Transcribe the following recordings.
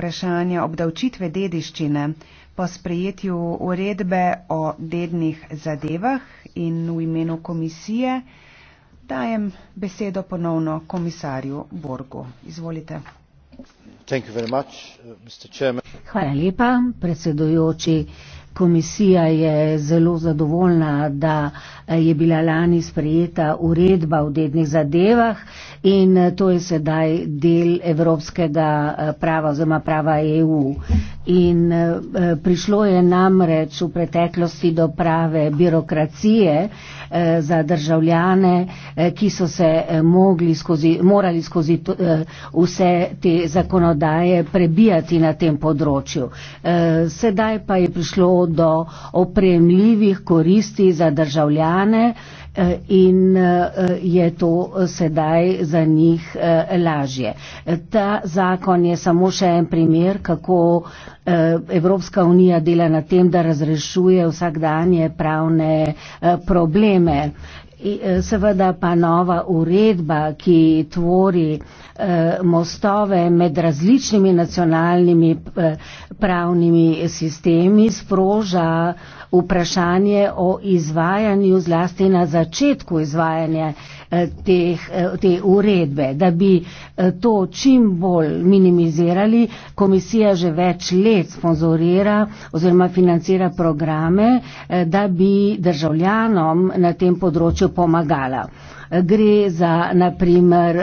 vprašanja obdavčitve dediščine po sprejetju uredbe o dednih zadevah in v imenu komisije dajem besedo ponovno komisarju Borgu. Izvolite. Uh, Hvala lepa, predsedujoči. Komisija je zelo zadovoljna, da je bila lani sprejeta uredba v dednih zadevah in to je sedaj del evropskega eh, prava oziroma prava EU. In eh, eh, prišlo je namreč v preteklosti do prave birokracije za državljane, ki so se mogli skozi, morali skozi vse te zakonodaje prebijati na tem področju. Sedaj pa je prišlo do opremljivih koristi za državljane eh, in eh, je to eh, sedaj za njih lažje. Ta zakon je samo še en primer, kako Evropska unija dela na tem, da razrešuje vsakdanje pravne probleme. E, seveda pa nova uredba, ki tvori e, mostove med različnimi nacionalnimi e, pravnimi sistemi, sproža vprašanje o izvajanju, zlasti na začetku izvajanja Eh, teh, eh, te uredbe, da bi eh, to čim bolj minimizirali. Komisija že več let sponzorira oziroma financira programe, da bi državljanom na tem področju pomagala. Gre za, naprimer,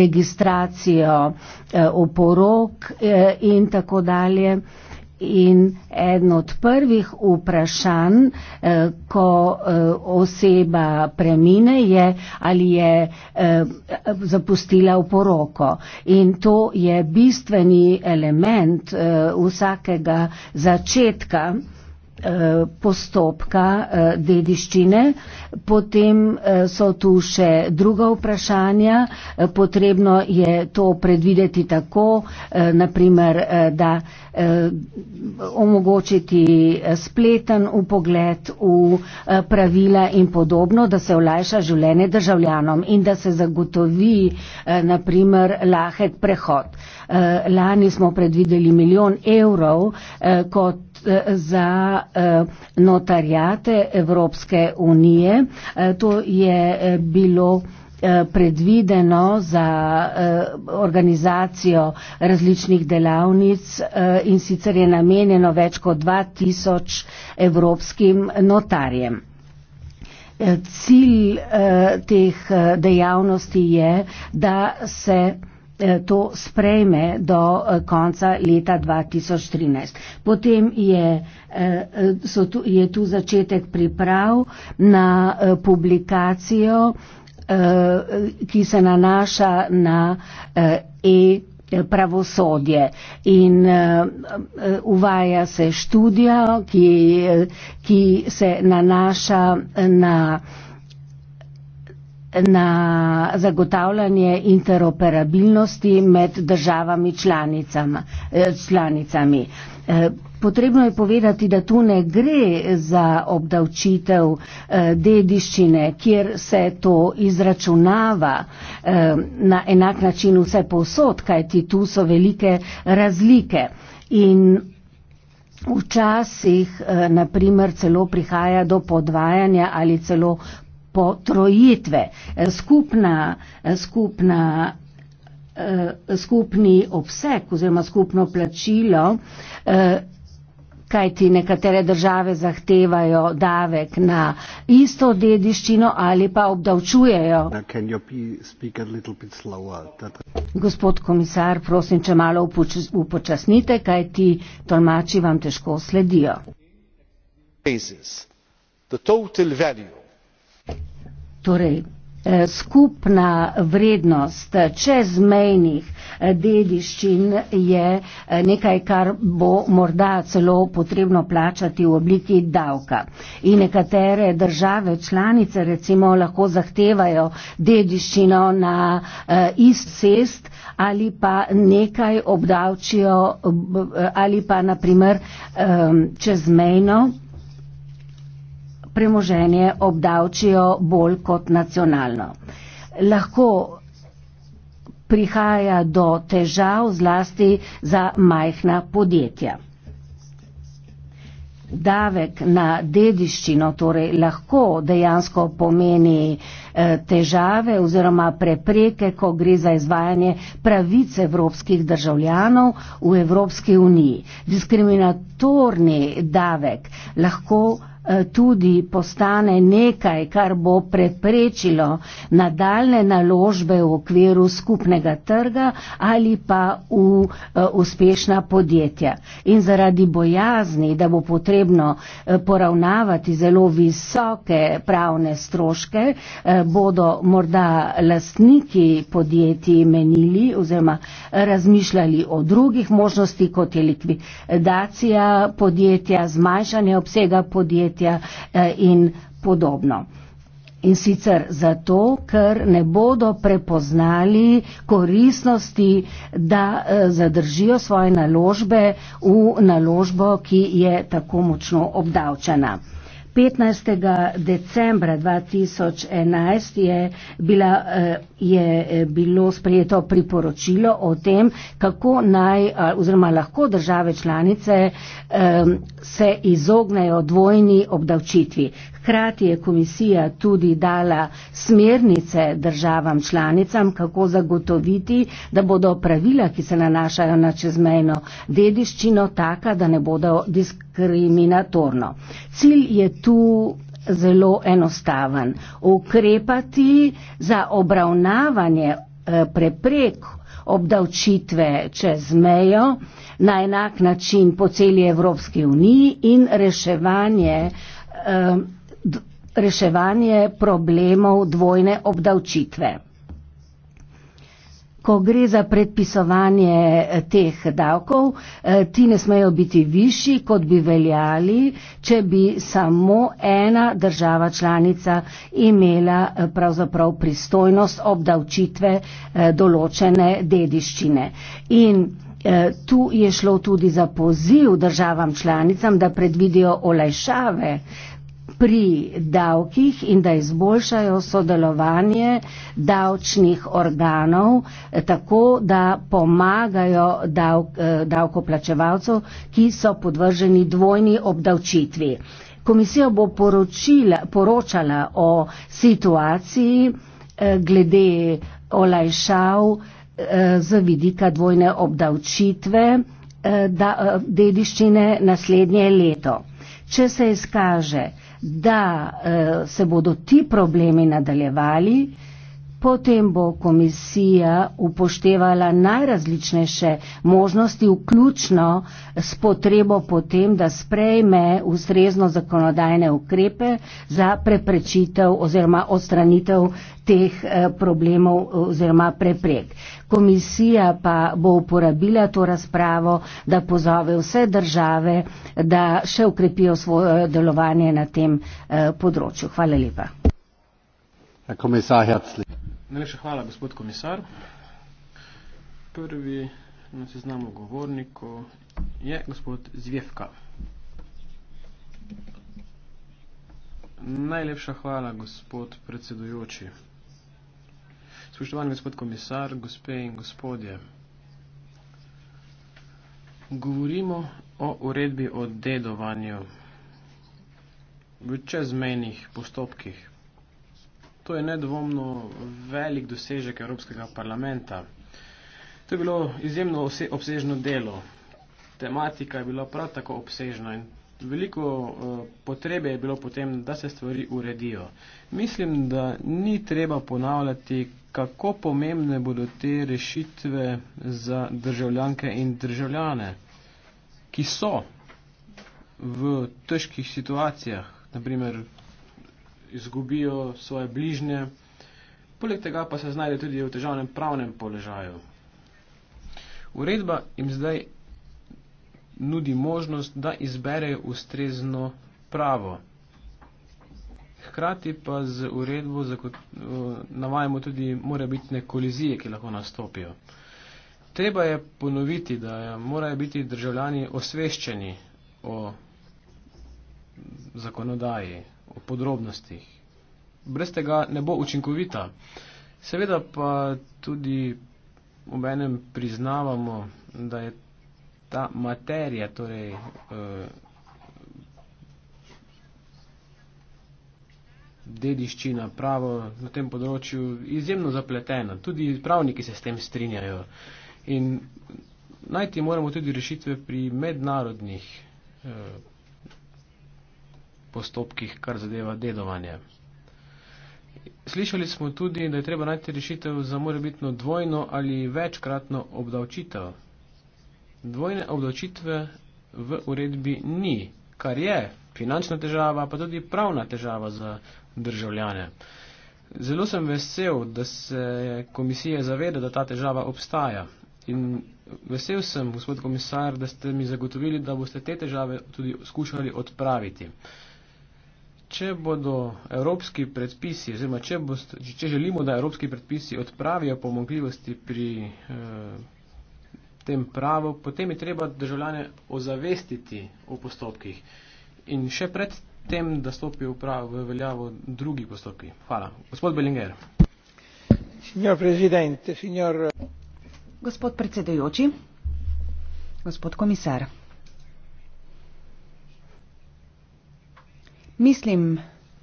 registracijo oporok in tako dalje. In eden od prvih vprašanj, eh, ko eh, oseba premine, je, ali je eh, zapustila v poroko. In to je bistveni element vsakega začetka. Eh, postopka eh, dediščine. Potem eh, so tu še druga vprašanja. Potrebno je to predvideti tako, naprimer, da omogočiti spleten upogled v pravila in podobno, da se olajša življenje državljanom in da se zagotovi naprimer lahek prehod. Lani smo predvideli milijon evrov kot za eh, notarjate Evropske unije. Eh, to je eh, bilo predvideno za organizacijo različnih delavnic in sicer je namenjeno več kot 2000 evropskim notarjem. Cilj teh dejavnosti je, da se Eh, to sprejme do eh, konca leta 2013. Potem je, eh, so, je tu začetek priprav na publikacijo, ki se nanaša na e pravosodje in uh, uvaja se študija, ki, ki se nanaša na uh, na zagotavljanje interoperabilnosti med državami članicama, eh, članicami. Eh, potrebno je povedati, da tu ne gre za obdavčitev eh, dediščine, kjer se to izračunava na enak način vse posod, kajti tu so velike razlike. In Včasih, naprimer, celo prihaja do podvajanja ali celo potrojitve, skupna, skupna, eh, skupni obseg oziroma skupno plačilo, eh, kajti nekatere države zahtevajo davek na isto dediščino ali pa obdavčujejo. Gospod komisar, prosim, če malo upočasnite, kajti tolmači vam težko sledijo. The total value torej eh, skupna vrednost čezmejnih eh, dediščin je eh, nekaj, kar bo morda celo potrebno plačati v obliki davka. In nekatere države članice recimo lahko zahtevajo dediščino na ist cest ali pa nekaj obdavčijo ali pa naprimer čezmejno premoženje obdavčijo bolj kot nacionalno. Lahko prihaja do težav zlasti za majhna podjetja. Davek na dediščino torej lahko dejansko pomeni eh, težave oziroma prepreke, ko gre za izvajanje pravic evropskih državljanov v Evropski uniji. Diskriminatorni davek lahko Eh, tudi postane nekaj, kar bo preprečilo nadaljne naložbe v okviru skupnega trga ali pa v eh, uspešna podjetja. In zaradi bojazni, da bo potrebno eh, poravnavati zelo visoke pravne stroške, bodo morda lastniki podjetij menili oziroma razmišljali o drugih možnosti, kot je likvidacija podjetja, zmanjšanje obsega podjetja, podjetja eh, in podobno. In sicer zato, ker ne bodo prepoznali koristnosti, da eh, zadržijo svoje naložbe v naložbo, ki je tako močno obdavčena. 15. decembra 2011 je, bila, eh, je eh, bilo sprejeto priporočilo o tem, kako naj oziroma lahko države članice se izognejo dvojni obdavčitvi. Hkrati je komisija tudi dala smernice državam članicam, kako zagotoviti, da bodo pravila, ki se nanašajo na čezmejno dediščino, taka, da ne bodo diskriminatorno. Cilj je tudi, tu zelo enostaven. Ukrepati za obravnavanje eh, preprek obdavčitve čez mejo na enak način po celi Evropski uniji in reševanje, eh, reševanje problemov dvojne obdavčitve ko gre za predpisovanje eh, teh davkov, eh, ti ne smejo biti višji, kot bi veljali, če bi samo ena država članica imela eh, pravzaprav pristojnost obdavčitve določene dediščine. In Tu je šlo tudi za poziv državam članicam, da predvidijo olajšave pri davkih in da izboljšajo sodelovanje davčnih organov eh, tako, da pomagajo dav, eh, davkoplačevalcev, ki so podvrženi dvojni obdavčitvi. Komisija bo poročila, poročala o situaciji eh, glede olajšav z vidika dvojne obdavčitve dediščine naslednje leto. Če se izkaže, da eh, se bodo ti problemi nadaljevali. Potem bo komisija upoštevala najrazličnejše možnosti, vključno s potrebo potem, da sprejme ustrezno zakonodajne ukrepe za preprečitev oziroma odstranitev teh eh, problemov oziroma preprek. Komisija pa bo uporabila to razpravo, da pozove vse države, da še ukrepijo svoje delovanje na tem eh, področju. Hvala lepa. Herr Kommissar, herzlich. Najlepša hvala, gospod komisar. Prvi na seznamu govornikov je gospod Zvjevka. Najlepša hvala, gospod predsedujoči. Spoštovani gospod komisar, gospe in gospodje. Govorimo o uredbi o dedovanju v čezmejnih postopkih. To je nedvomno velik dosežek Evropskega parlamenta. To je bilo izjemno obsežno delo. Tematika je bila prav tako obsežna in veliko eh, potrebe je bilo potem, da se stvari uredijo. Mislim, da ni treba ponavljati, kako pomembne bodo te rešitve za državljanke in državljane, ki so v težkih situacijah, naprimer izgubijo svoje bližnje, poleg tega pa se znajde tudi v težavnem pravnem položaju. Uredba jim zdaj nudi možnost, da izberejo ustrezno pravo. Hkrati pa z uredbo navajamo tudi morebitne kolizije, ki lahko nastopijo. Treba je ponoviti, da morajo biti državljani osveščeni o zakonodaji, o podrobnostih. Brez tega ne bo učinkovita. Seveda pa tudi ob enem priznavamo, da je ta materija, torej eh, dediščina, pravo na tem področju izjemno zapletena. Tudi pravniki se s tem strinjajo. In najti moramo tudi rešitve pri mednarodnih eh, postopkih, kar zadeva dedovanje. Slišali smo tudi, da je treba najti rešitev za morebitno dvojno ali večkratno obdavčitev. Dvojne obdavčitve v uredbi ni, kar je finančna težava, pa tudi pravna težava za državljane. Zelo sem vesel, da se komisija zaveda, da ta težava obstaja. In vesel sem, gospod komisar, da ste mi zagotovili, da boste te težave tudi skušali odpraviti. Uh, če bodo evropski predpisi, oziroma če, bost, če želimo, da evropski predpisi odpravijo pomogljivosti pri eh, tem pravu, potem je treba državljane ozavestiti v postopkih in še pred tem, da stopijo v, prav, v veljavo drugi postopki. Hvala. Gospod Belinger. Signor presidente, signor... Gospod predsedujoči, gospod komisar. Mislim,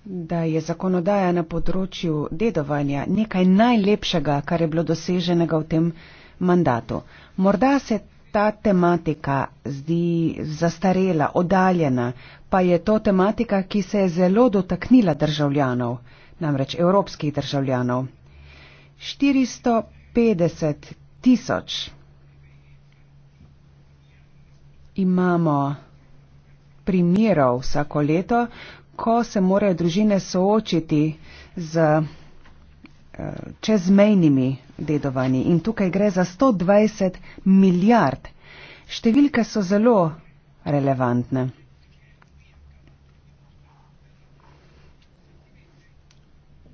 da je zakonodaja na področju dedovanja nekaj najlepšega, kar je bilo doseženega v tem mandatu. Morda se ta tematika zdi zastarela, odaljena, pa je to tematika, ki se je zelo dotaknila državljanov, namreč evropskih državljanov. 450 tisoč imamo primerov vsako leto, ko se morajo družine soočiti z eh, čezmejnimi dedovanji. In tukaj gre za 120 milijard. Številke so zelo relevantne.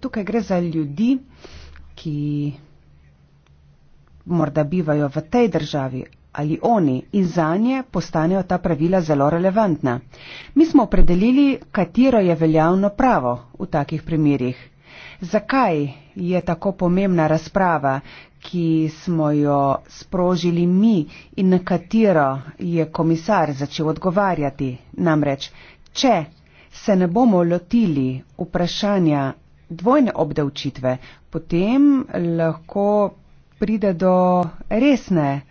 Tukaj gre za ljudi, ki morda bivajo v tej državi ali oni in za nje postanejo ta pravila zelo relevantna. Mi smo opredelili, katero je veljavno pravo v takih primerjih. Zakaj je tako pomembna razprava, ki smo jo sprožili mi in na katero je komisar začel odgovarjati? Namreč, če se ne bomo lotili vprašanja dvojne obdavčitve, potem lahko pride do resne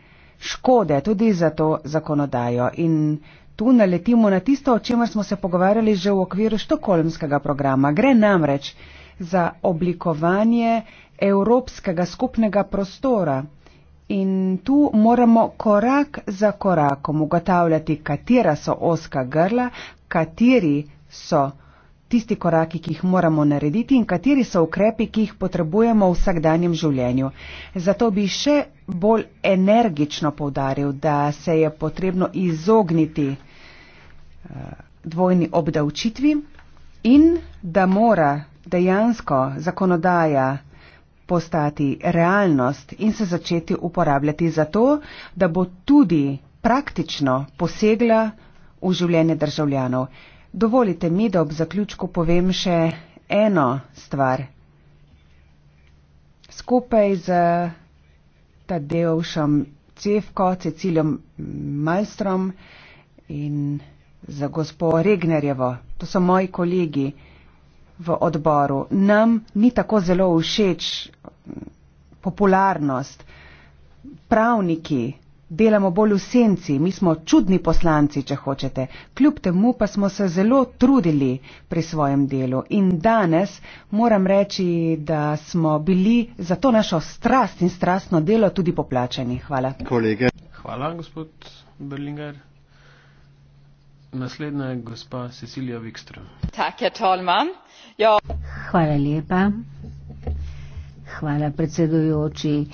škode tudi za to zakonodajo. In tu naletimo na tisto, o čemer smo se pogovarjali že v okviru štokolmskega programa. Gre namreč za oblikovanje evropskega skupnega prostora. In tu moramo korak za korakom ugotavljati, katera so oska grla, kateri so tisti koraki, ki jih moramo narediti in kateri so ukrepi, ki jih potrebujemo v vsakdanjem življenju. Zato bi še bolj energično povdaril, da se je potrebno izogniti eh, dvojni obdavčitvi in da mora dejansko zakonodaja postati realnost in se začeti uporabljati za to, da bo tudi praktično posegla v življenje državljanov. Dovolite mi, da ob zaključku povem še eno stvar. Skupaj z Tadeušom Cevko, Cecilijom Malstrom in za gospo Regnerjevo, to so moji kolegi v odboru, nam ni tako zelo všeč popularnost. Pravniki delamo bolj v senci, mi smo čudni poslanci, če hočete. Kljub temu pa smo se zelo trudili pri svojem delu in danes moram reči, da smo bili za to našo strast in strastno delo tudi poplačani. Hvala. Kolege. Hvala, gospod Berlinger. Naslednja je gospa Cecilija Vikström. Tak je, ja, Tolman. Jo. Hvala lepa. Hvala, predsedujoči. Eh,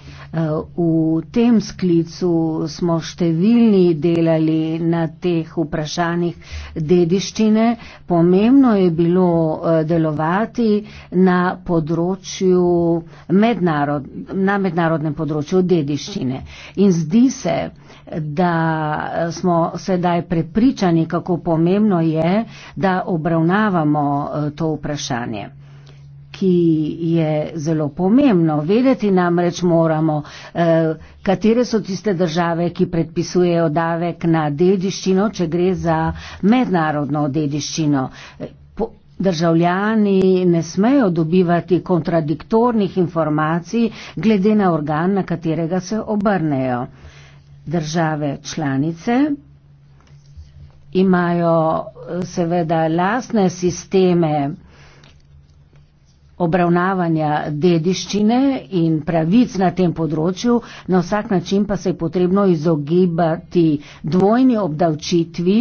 v tem sklicu smo številni delali na teh vprašanjih dediščine. Pomembno je bilo eh, delovati na področju mednarod, na mednarodnem področju dediščine. In zdi se, da eh, smo sedaj prepričani, kako pomembno je, da obravnavamo to vprašanje ki je zelo pomembno. Vedeti namreč moramo, eh, katere so tiste države, ki predpisujejo davek na dediščino, če gre za mednarodno dediščino. Eh, državljani ne smejo dobivati kontradiktornih informacij glede na organ, na katerega se obrnejo. Države članice imajo eh, seveda lasne sisteme obravnavanja dediščine in pravic na tem področju, na vsak način pa se je potrebno izogibati dvojni obdavčitvi,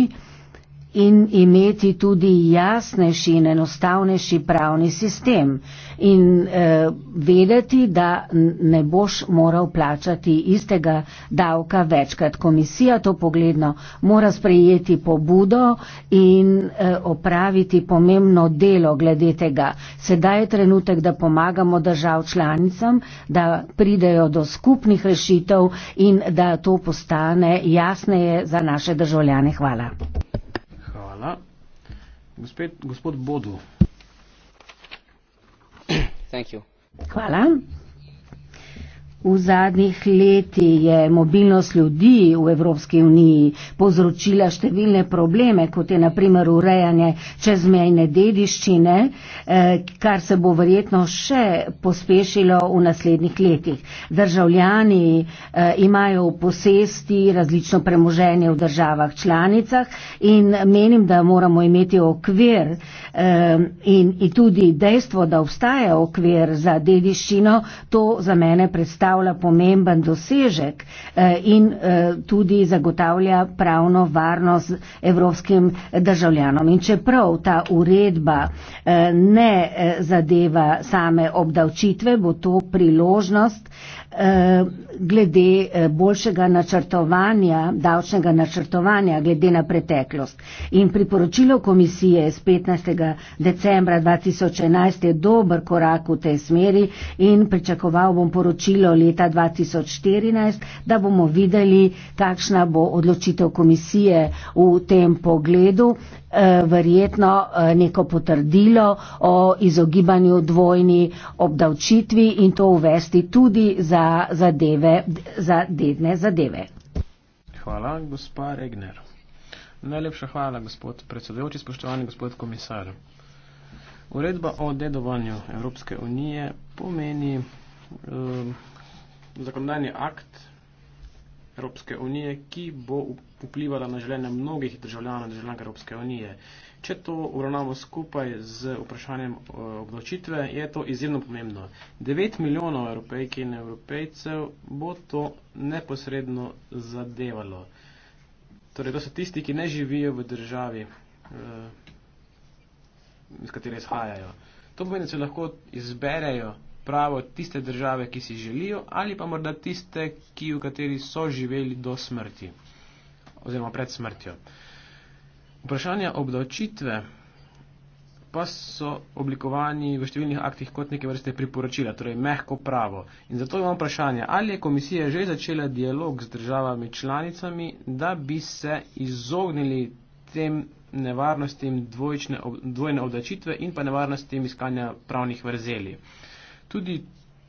in imeti tudi jasnejši in enostavnejši pravni sistem in eh, vedeti, da ne boš moral plačati istega davka večkrat. Komisija to pogledno mora sprejeti pobudo in eh, opraviti pomembno delo glede tega. Sedaj je trenutek, da pomagamo držav članicam, da pridejo do skupnih rešitev in da to postane jasneje za naše državljane. Hvala. Hvala. Gospod, gospod Bodu. Thank you. Hvala. V zadnjih leti je mobilnost ljudi v Evropski uniji povzročila številne probleme, kot je naprimer urejanje čezmejne dediščine, eh, kar se bo verjetno še pospešilo v naslednjih letih. Državljani eh, imajo v posesti različno premoženje v državah članicah in menim, da moramo imeti okvir eh, in tudi dejstvo, da obstaja okvir za dediščino, to za mene predstavlja predstavlja pomemben dosežek eh, in eh, tudi zagotavlja pravno varnost evropskim državljanom. In čeprav ta uredba eh, ne zadeva same obdavčitve, bo to priložnost, Eh, glede eh, boljšega načrtovanja, davčnega načrtovanja, glede na preteklost. In priporočilo komisije z 15. decembra 2011 je dober korak v tej smeri in pričakoval bom poročilo leta 2014, da bomo videli, kakšna bo odločitev komisije v tem pogledu, eh, verjetno neko potrdilo o izogibanju dvojni obdavčitvi in to uvesti tudi za zadeve, za dedne zadeve. Hvala, gospa Regner. Najlepša hvala, gospod predsedujoči, spoštovani gospod komisar. Uredba o dedovanju Evropske unije pomeni eh, zakonodajni akt Evropske unije, ki bo vplivala na življenje mnogih državljanov in državljank Evropske unije. Eh, če to uravnamo skupaj z vprašanjem eh, obdočitve, je to izjemno pomembno. 9 milijonov evropejk in evropejcev bo to neposredno zadevalo. Torej, to so tisti, ki ne živijo v državi, eh, iz katere izhajajo. To pomeni, da se lahko izberejo pravo tiste države, ki si želijo, ali pa morda tiste, ki v kateri so živeli do smrti oziroma pred smrtjo. Uh, Vprašanja obdavčitve pa so oblikovani v številnih aktih kot neke vrste priporočila, torej mehko pravo. In zato imam vprašanje, ali je komisija že začela dialog z državami članicami, da bi se izognili tem nevarnostim dvojčne, dvojne obdavčitve in pa nevarnostim iskanja pravnih vrzeli. Tudi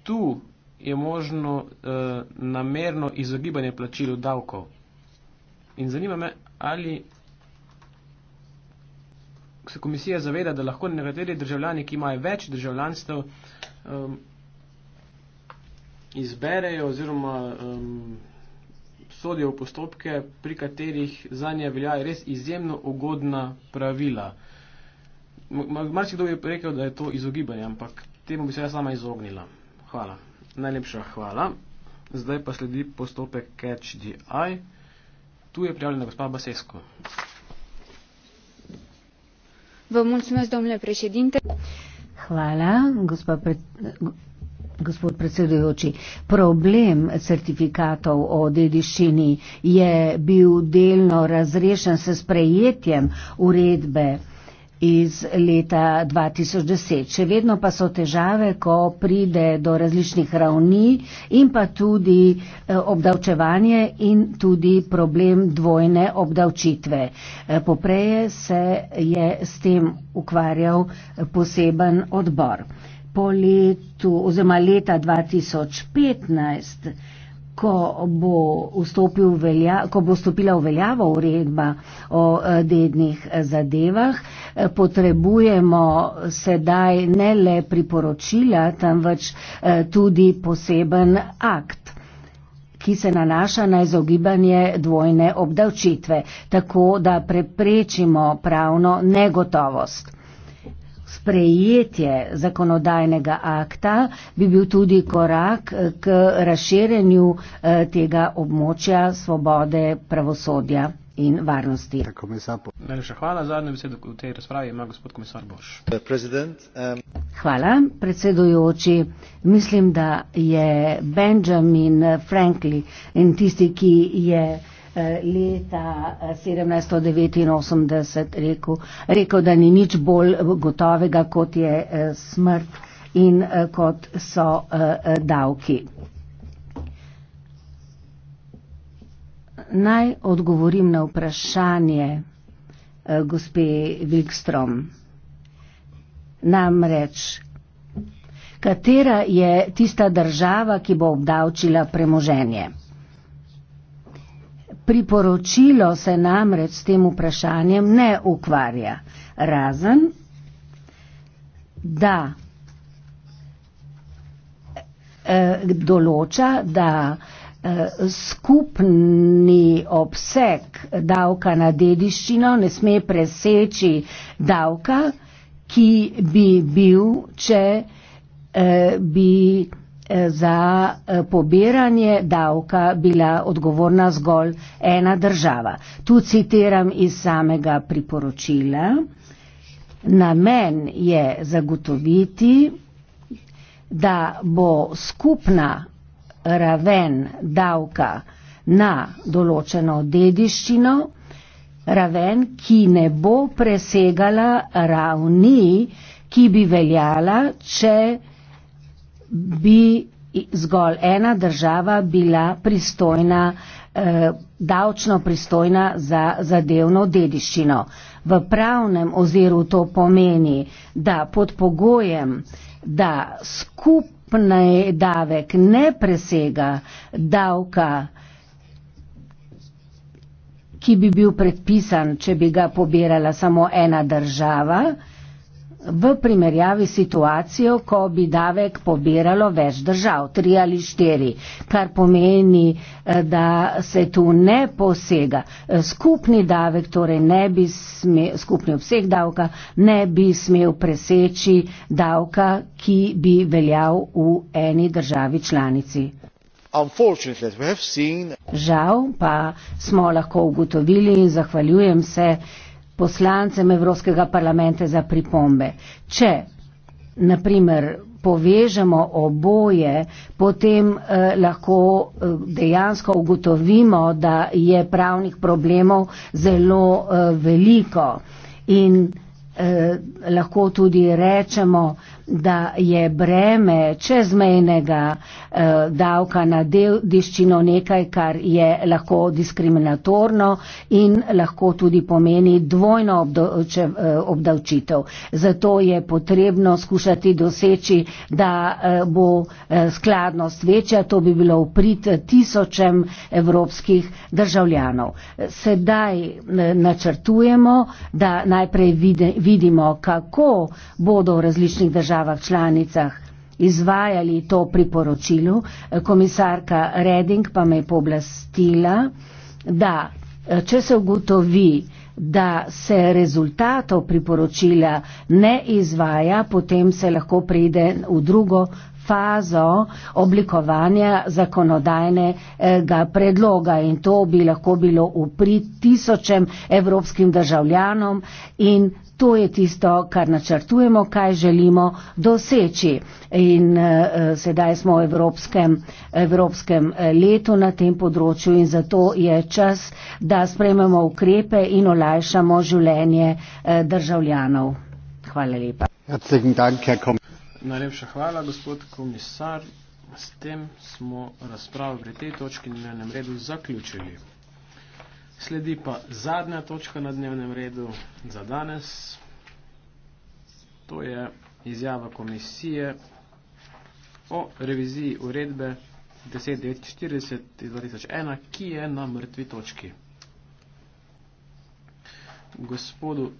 tu je možno eh, namerno izogibanje plačilu davkov. In zanima me, ali se komisija zaveda, da lahko nekateri državljani, ki imajo več državljanstv, um, izberejo oziroma um, sodijo v postopke, pri katerih za nje veljajo res izjemno ugodna pravila. Marsikdo bi rekel, da je to izogibanje, ampak temu bi se jaz sama izognila. Hvala. Najlepša hvala. Zdaj pa sledi postopek Catch the Eye. Tu je prijavljena gospa Basesko. Vă mulțumesc, domnule președinte. Hvala, gospod predsedujoči. Problem certifikatov o dediščini je bil delno razrešen s sprejetjem uredbe o dediščini iz leta 2010. Še vedno pa so težave, ko pride do različnih ravni in pa tudi eh, obdavčevanje in tudi problem dvojne obdavčitve. Eh, Popreje se je s tem ukvarjal eh, poseben odbor. Po letu oziroma leta 2015 ko bo, vstopil velja, ko bo stopila v veljavo uredba o eh, dednih eh, zadevah, eh, potrebujemo sedaj ne le priporočila, temveč tudi poseben akt ki se nanaša na izogibanje dvojne obdavčitve, tako da preprečimo pravno negotovost sprejetje zakonodajnega akta bi bil tudi korak eh, k razširjenju eh, tega območja svobode pravosodja in varnosti. Najlepša hvala. Zadnjo besedo v tej razpravi ima gospod komisar Boš. Hvala, predsedujoči. Mislim, da je Benjamin Franklin in tisti, ki je leta 1789 eh, rekel, rekel, da ni nič bolj gotovega, kot je eh, smrt in eh, kot so davki. Naj odgovorim na vprašanje gospe Wikstrom. Namreč, katera je tista država, ki bo obdavčila premoženje? priporočilo se namreč s tem vprašanjem ne ukvarja, razen da eh, določa, da eh, skupni obseg davka na dediščino ne sme preseči davka, ki bi bil, če eh, bi za eh, pobiranje davka bila odgovorna zgolj ena država. Tu citiram iz samega priporočila. Namen je zagotoviti, da bo skupna raven davka na določeno dediščino raven, ki ne bo presegala ravni, ki bi veljala, če bi zgolj ena država bila pristojna, eh, davčno pristojna za zadevno dediščino. V pravnem oziru to pomeni, da pod pogojem, da skupni davek ne presega davka, ki bi bil predpisan, če bi ga pobirala samo ena država, v primerjavi situacijo, ko bi davek pobiralo več držav, tri ali štiri, kar pomeni, eh, da se tu ne posega. Eh, skupni davek, torej ne bi smel, skupni obseg davka, ne bi smel preseči davka, ki bi veljal v eni državi članici. Žal pa smo lahko ugotovili in zahvaljujem se, poslancem Evropskega parlamenta za pripombe. Če, naprimer, povežemo oboje, potem eh, lahko eh, dejansko ugotovimo, da je pravnih problemov zelo eh, veliko in eh, lahko tudi rečemo, da je breme čezmejnega eh, davka na dediščino nekaj, kar je lahko diskriminatorno in lahko tudi pomeni dvojno obdavče, eh, obdavčitev. Zato je potrebno skušati doseči, da eh, bo eh, skladnost večja, to bi bilo uprit eh, tisočem evropskih državljanov. Sedaj eh, načrtujemo, da najprej vide, vidimo, kako bodo v različnih državah državah članicah izvajali to priporočilo, komisarka Reding pa me je pooblastila, da eh, če se ugotovi, da se rezultatov priporočila ne izvaja, potem se lahko pride v drugo fazo oblikovanja zakonodajnega predloga in to bi lahko bilo v prid tisočem evropskim državljanom in To je tisto, kar načrtujemo, kaj želimo doseči. In eh, sedaj smo v evropskem, evropskem eh, letu na tem področju in zato je čas, da sprememo ukrepe in olajšamo življenje eh, državljanov. Hvala lepa. Hvala lepa. Najlepša hvala, gospod komisar. S tem smo razpravo pri tej točki na dnevnem redu zaključili. Sledi pa zadnja točka na dnevnem redu za danes. To je izjava komisije o reviziji uredbe 1049-2001, ki je na mrtvi točki. Gospodu